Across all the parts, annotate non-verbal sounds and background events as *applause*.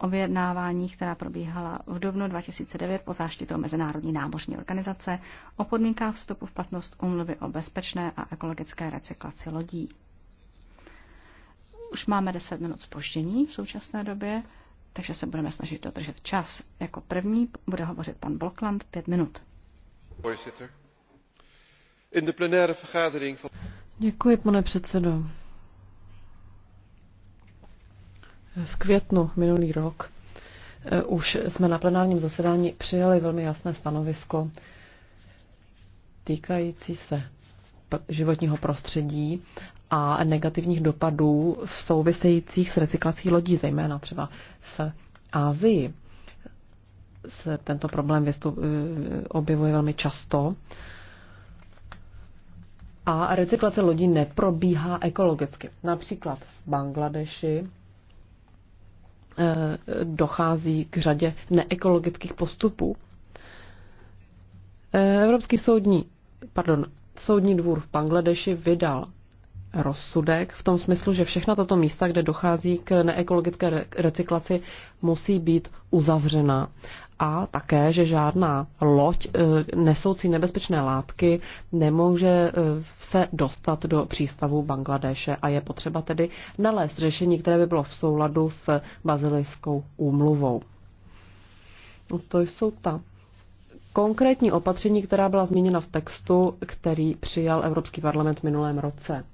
o vyjednávání, která probíhala v dubnu 2009 po záštitou Mezinárodní námořní organizace o podmínkách vstupu v platnost úmluvy o bezpečné a ekologické recyklaci lodí. Už máme 10 minut spoždění v současné době, takže se budeme snažit dodržet čas. Jako první bude hovořit pan Blokland 5 minut. Děkuji, pane předsedo. V květnu minulý rok eh, už jsme na plenárním zasedání přijali velmi jasné stanovisko týkající se životního prostředí a negativních dopadů v souvisejících s recyklací lodí, zejména třeba v Ázii. Se tento problém vystup, eh, objevuje velmi často. A recyklace lodí neprobíhá ekologicky. Například v Bangladeši Eh, dochází k řadě neekologických postupů. Eh, Evropský soudní, pardon, soudní dvůr v Bangladeši vydal rozsudek v tom smyslu, že všechna tato místa, kde dochází k neekologické recyklaci, musí být uzavřena a také, že žádná loď eh, nesoucí nebezpečné látky nemůže eh, se dostat do přístavu Bangladeše a je potřeba tedy nalézt řešení, které by bylo v souladu s bazilijskou úmluvou. To jsou ta konkrétní opatření, která byla zmíněna v textu, který přijal Evropský parlament v minulém roce.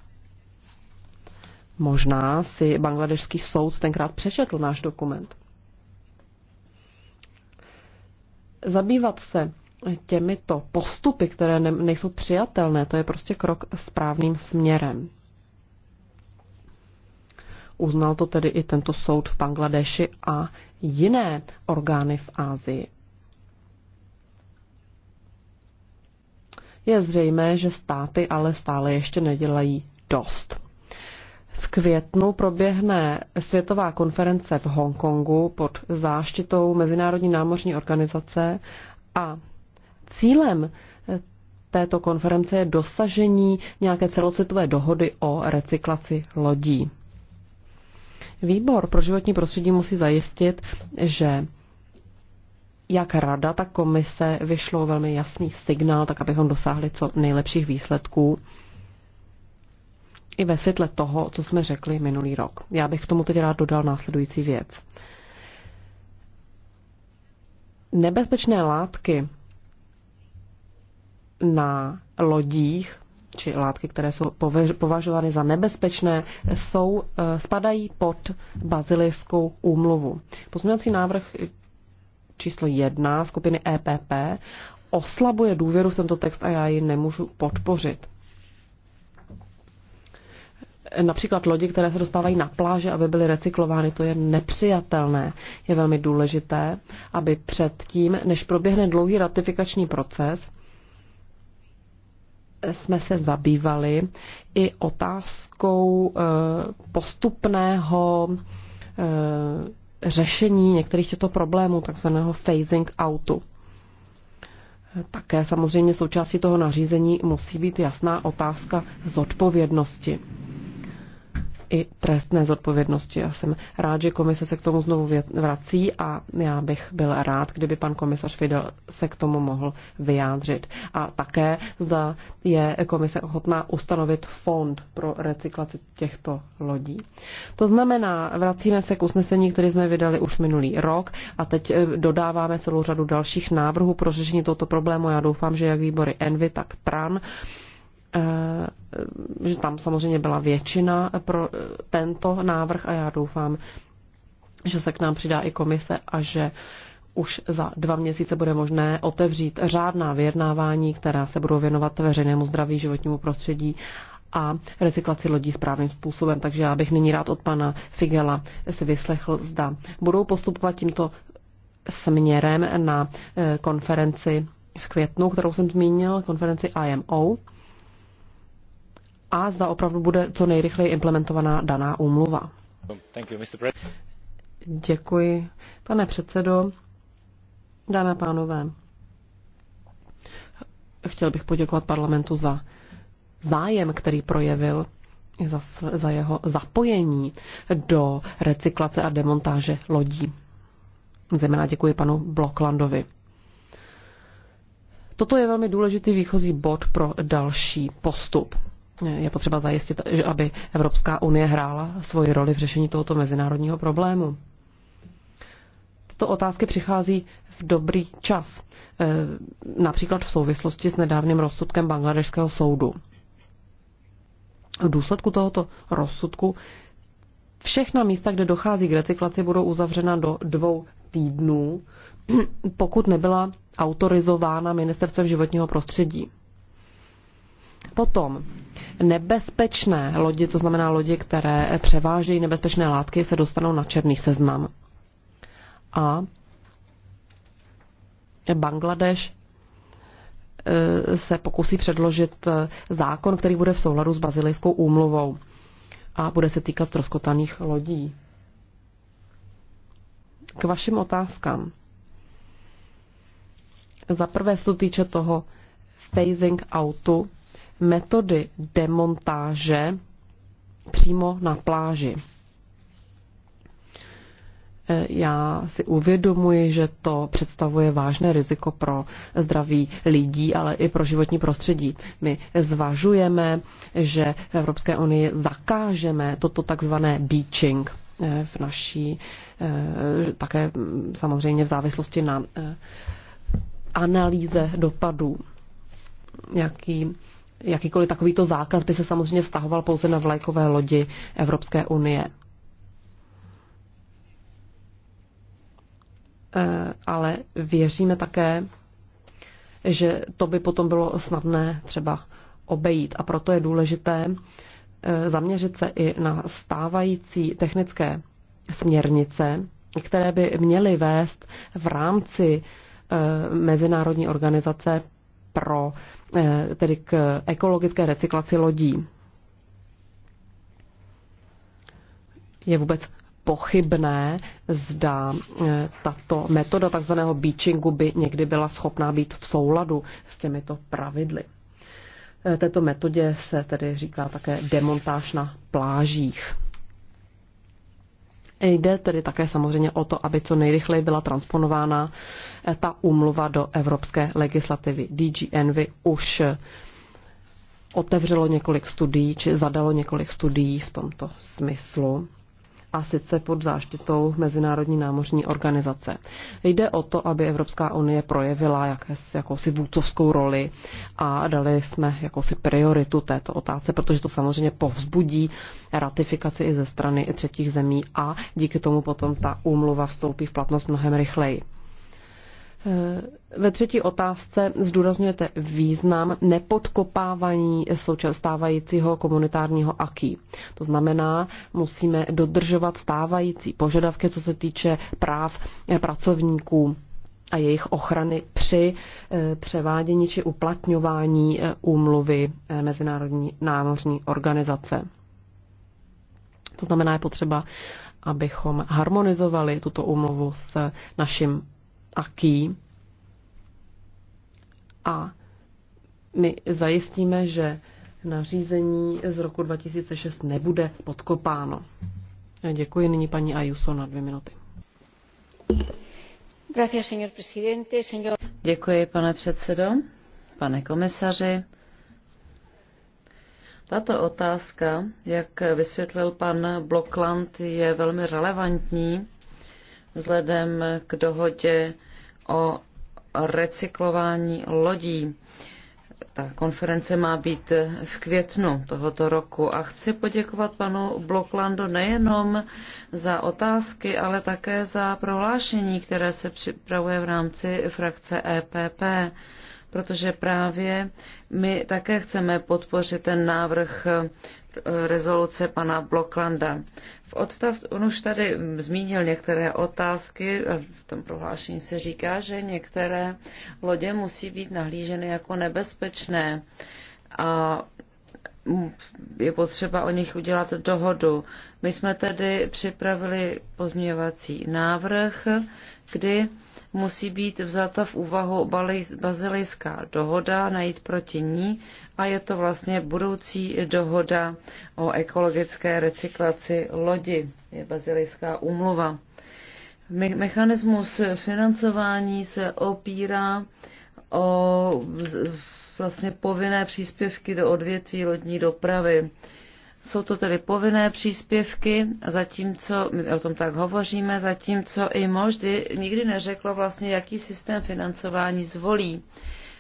Možná si bangladežský soud tenkrát přečetl náš dokument. zabývat se těmito postupy, které ne, nejsou přijatelné, to je prostě krok správným směrem. Uznal to tedy i tento soud v Bangladeši a jiné orgány v Ázii. Je zřejmé, že státy ale stále ještě nedělají dost. V květnu proběhne světová konference v Hongkongu pod záštitou Mezinárodní námořní organizace a cílem této konference je dosažení nějaké celosvětové dohody o recyklaci lodí. Výbor pro životní prostředí musí zajistit, že jak rada, tak komise vyšlo velmi jasný signál, tak abychom dosáhli co nejlepších výsledků i ve světle toho, co jsme řekli minulý rok. Já bych k tomu teď rád dodal následující věc. Nebezpečné látky na lodích či látky, které jsou považovány za nebezpečné, jsou, eh, spadají pod bazilijskou úmluvu. Pozměňovací návrh číslo jedna skupiny EPP oslabuje důvěru v tento text a já ji nemůžu podpořit například lodi, které se dostávají na pláže, aby byly recyklovány, to je nepřijatelné. Je velmi důležité, aby předtím, než proběhne dlouhý ratifikační proces, jsme se zabývali i otázkou eh, postupného eh, řešení některých těchto problémů, takzvaného phasing outu. Také samozřejmě součástí toho nařízení musí být jasná otázka zodpovědnosti i trestné zodpovědnosti. Já jsem rád, že komise se k tomu znovu vrací a já bych byl rád, kdyby pan komisař Fidel se k tomu mohl vyjádřit. A také zda je komise ochotná ustanovit fond pro recyklaci těchto lodí. To znamená, vracíme se k usnesení, které jsme vydali už minulý rok a teď eh, dodáváme celou řadu dalších návrhů pro řešení tohoto problému. Já doufám, že jak výbory Envy, tak TRAN Eh, že tam samozřejmě byla většina pro eh, tento návrh a já doufám, že se k nám přidá i komise a že už za dva měsíce bude možné otevřít řádná vyjednávání, která se budou věnovat veřejnému zdraví, životnímu prostředí a recyklaci lodí správným způsobem. Takže já bych nyní rád od pana Figela si vyslechl, zda budou postupovat tímto směrem na eh, konferenci v květnu, kterou jsem zmínil, konferenci IMO a zda opravdu bude co nejrychleji implementovaná daná úmluva. Děkuji, pane předsedo. Dámy a pánové, chtěl bych poděkovat parlamentu za zájem, který projevil za, za jeho zapojení do recyklace a demontáže lodí. Zejména děkuji panu Bloklandovi. Toto je velmi důležitý výchozí bod pro další postup je potřeba zajistit, aby Evropská unie hrála svoji roli v řešení tohoto mezinárodního problému. Tyto otázky přichází v dobrý čas, eh, například v souvislosti s nedávným rozsudkem Bangladešského soudu. V důsledku tohoto rozsudku všechna místa, kde dochází k recyklaci, budou uzavřena do dvou týdnů, *clears throat* pokud nebyla autorizována ministerstvem životního prostředí. Potom nebezpečné lodi, to znamená lodi, které převážejí nebezpečné látky, se dostanou na černý seznam. A Bangladeš e, se pokusí předložit e, zákon, který bude v souladu s bazilejskou úmluvou a bude se týkat stroskotaných lodí. K vašim otázkám. Za prvé se to týče toho phasing outu, metody demontáže přímo na pláži. Eh, já si uvědomuji, že to představuje vážné riziko pro zdraví lidí, ale i pro životní prostředí. My zvažujeme, že v Evropské unii zakážeme toto takzvané beaching eh, v naší, eh, také samozřejmě v závislosti na analýze dopadů, jaký jakýkoliv takovýto zákaz by se samozřejmě vztahoval pouze na vlajkové lodi Evropské unie. E, ale věříme také, že to by potom bylo snadné třeba obejít. A proto je důležité e, zaměřit se i na stávající technické směrnice, které by měly vést v rámci e, mezinárodní organizace pro, eh, tedy k ekologické recyklaci lodí. Je vůbec pochybné, zda eh, tato metoda tzv. beachingu by někdy byla schopná být v souladu s těmito pravidly. Eh, této metodě se tedy říká také demontáž na plážích. Jde tedy také samozřejmě o to, aby co nejrychleji byla transponována eh, ta úmluva do evropské legislativy. DG Envy už eh, otevřelo několik studií, či zadalo několik studií v tomto smyslu a sice pod záštitou Mezinárodní námořní organizace. Jde o to, aby Evropská unie projevila jakési, jakousi vůcovskou roli a dali jsme jakousi prioritu této otázce, protože to samozřejmě povzbudí ratifikaci i ze strany třetích zemí a díky tomu potom ta úmluva vstoupí v platnost mnohem rychleji. Eh, ve třetí otázce zdůrazňujete význam nepodkopávání stávajícího komunitárního aký. To znamená, musíme dodržovat stávající požadavky, co se týče práv eh, pracovníků a jejich ochrany při eh, převádění či uplatňování úmluvy Mezinárodní námořní organizace. To znamená, je potřeba, abychom harmonizovali tuto úmluvu s naším aký a my zajistíme, že nařízení z roku 2006 nebude podkopáno. Děkuji nyní paní Ayuso, na dvě minuty. Děkuji, pane předsedo, pane komisaři. Tato otázka, jak vysvětlil pan Blokland, je velmi relevantní vzhledem k dohodě o recyklování lodí. Ta konference má být v květnu tohoto roku a chci poděkovat panu Bloklandu nejenom za otázky, ale také za prohlášení, které se připravuje v rámci frakce EPP, protože právě my také chceme podpořit ten návrh rezoluce pana Bloklanda. V odstav, on už tady zmínil některé otázky, v tom prohlášení se říká, že některé lodě musí být nahlíženy jako nebezpečné a je potřeba o nich udělat dohodu. My jsme tedy připravili pozměňovací návrh, kdy musí být vzata v úvahu bazilejská dohoda, najít proti ní a je to vlastně budoucí dohoda o ekologické recyklaci lodi, je bazilejská úmluva. mechanismus financování se opírá o vlastně povinné příspěvky do odvětví lodní dopravy. Jsou to tedy povinné příspěvky, zatímco, my o tom tak hovoříme, zatímco i moždy nikdy neřeklo vlastně, jaký systém financování zvolí.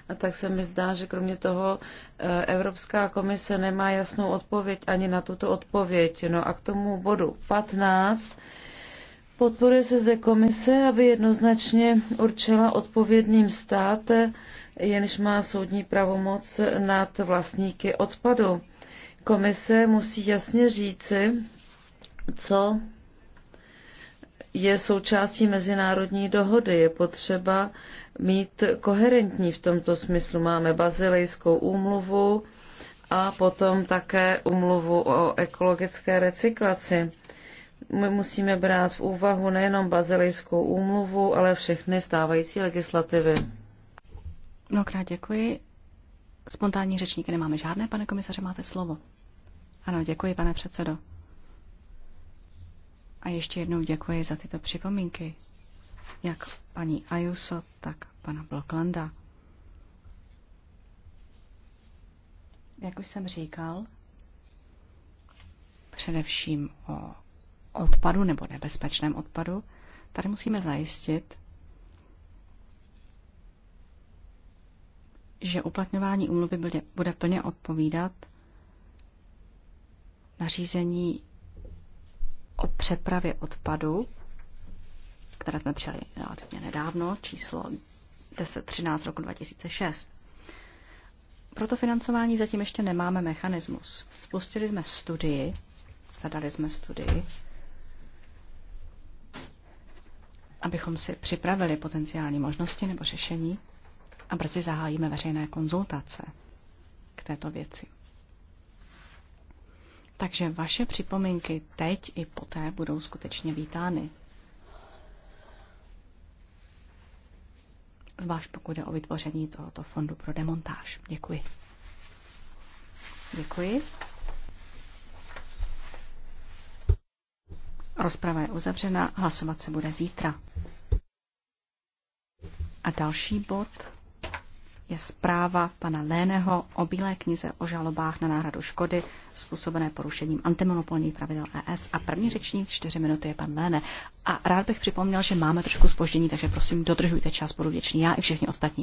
A tak se mi zdá, že kromě toho e, Evropská komise nemá jasnou odpověď ani na tuto odpověď. No a k tomu bodu 15. Podporuje se zde komise, aby jednoznačně určila odpovědným stát, jenž má soudní pravomoc nad vlastníky odpadu. Komise musí jasně říci, co je součástí mezinárodní dohody. Je potřeba mít koherentní v tomto smyslu. Máme bazilejskou úmluvu a potom také úmluvu o ekologické recyklaci. My musíme brát v úvahu nejenom bazilejskou úmluvu, ale všechny stávající legislativy. Mnohokrát děkuji. Spontánní řečníky nemáme žádné, pane komisaře, máte slovo. Ano, děkuji, pane předsedo. A ještě jednou děkuji za tyto připomínky, jak paní Ayuso, tak pana Bloklanda. Jak už jsem říkal, především o odpadu nebo nebezpečném odpadu, tady musíme zajistit, že uplatňování úmluvy bude plně odpovídat nařízení o přepravě odpadu, které jsme přijali relativně nedávno, číslo 1013 roku 2006. Pro to financování zatím ještě nemáme mechanismus. Spustili jsme studii, zadali jsme studii, abychom si připravili potenciální možnosti nebo řešení a brzy zahájíme veřejné konzultace k této věci. Takže vaše připomínky teď i poté budou skutečně vítány. Zvlášť pokud je o vytvoření tohoto fondu pro demontáž. Děkuji. Děkuji. Rozprava je uzavřena, hlasovat se bude zítra. A další bod je zpráva pana Léneho o Bílé knize o žalobách na náhradu škody způsobené porušením antimonopolních pravidel ES. A první řečník čtyři minuty je pan Léne. A rád bych připomněl, že máme trošku spoždění, takže prosím, dodržujte čas, budu vděčný já i všichni ostatní.